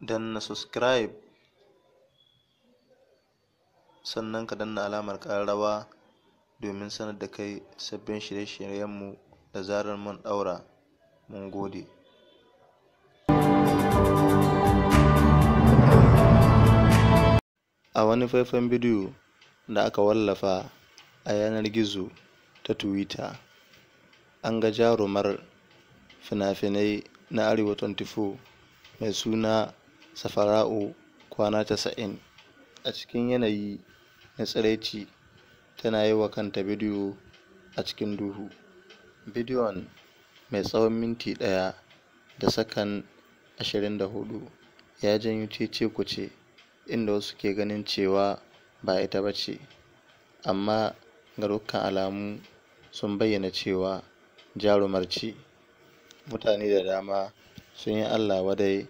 danna subscribe sannan ka danna alamar ƙararrawa domin sanar da kai sabbin shirye-shiryenmu da zarar mun ɗaura mun gode a wani faifan bidiyo da aka wallafa a yanar gizo ta twitter an ga jarumar fina-finai na arewa 24 mai suna safara'u kwana casa'in a cikin yanayi na tsiraici tana yi wa kanta bidiyo a cikin duhu bidiyon mai tsawon minti ɗaya da sakan ashirin da hudu ya janyo cece kuce inda wasu ke ganin cewa ba ita ba ce amma ga dukkan alamu sun bayyana cewa jarumar ce mutane da dama sun yi allah wadai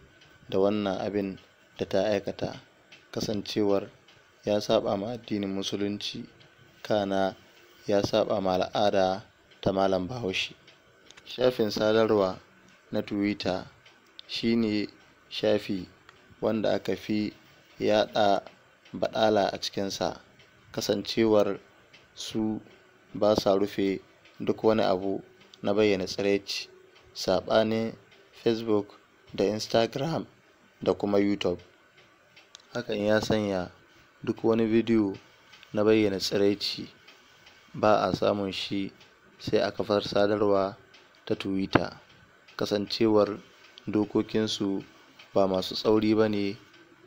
da wannan abin da ta aikata kasancewar ya saba ma addinin musulunci kana ya saba ma al'ada ta malam bahaushe shafin sadarwa na twitter shi ne shafi wanda aka fi yada baɗala a cikinsa kasancewar su ba sa rufe duk wani abu na bayyana tsiraici saɓanin facebook da instagram da kuma YouTube. Hakan ya sanya duk wani bidiyo na bayyana tsiraici ba a samun shi sai a kafar sadarwa ta Twitter, kasancewar dokokinsu ba masu tsauri ba ne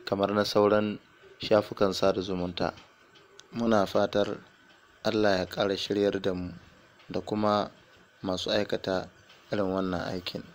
kamar na sauran shafukan sada zumunta. Muna fatar Allah ya ƙara shiryar da mu da kuma masu aikata irin wannan aikin.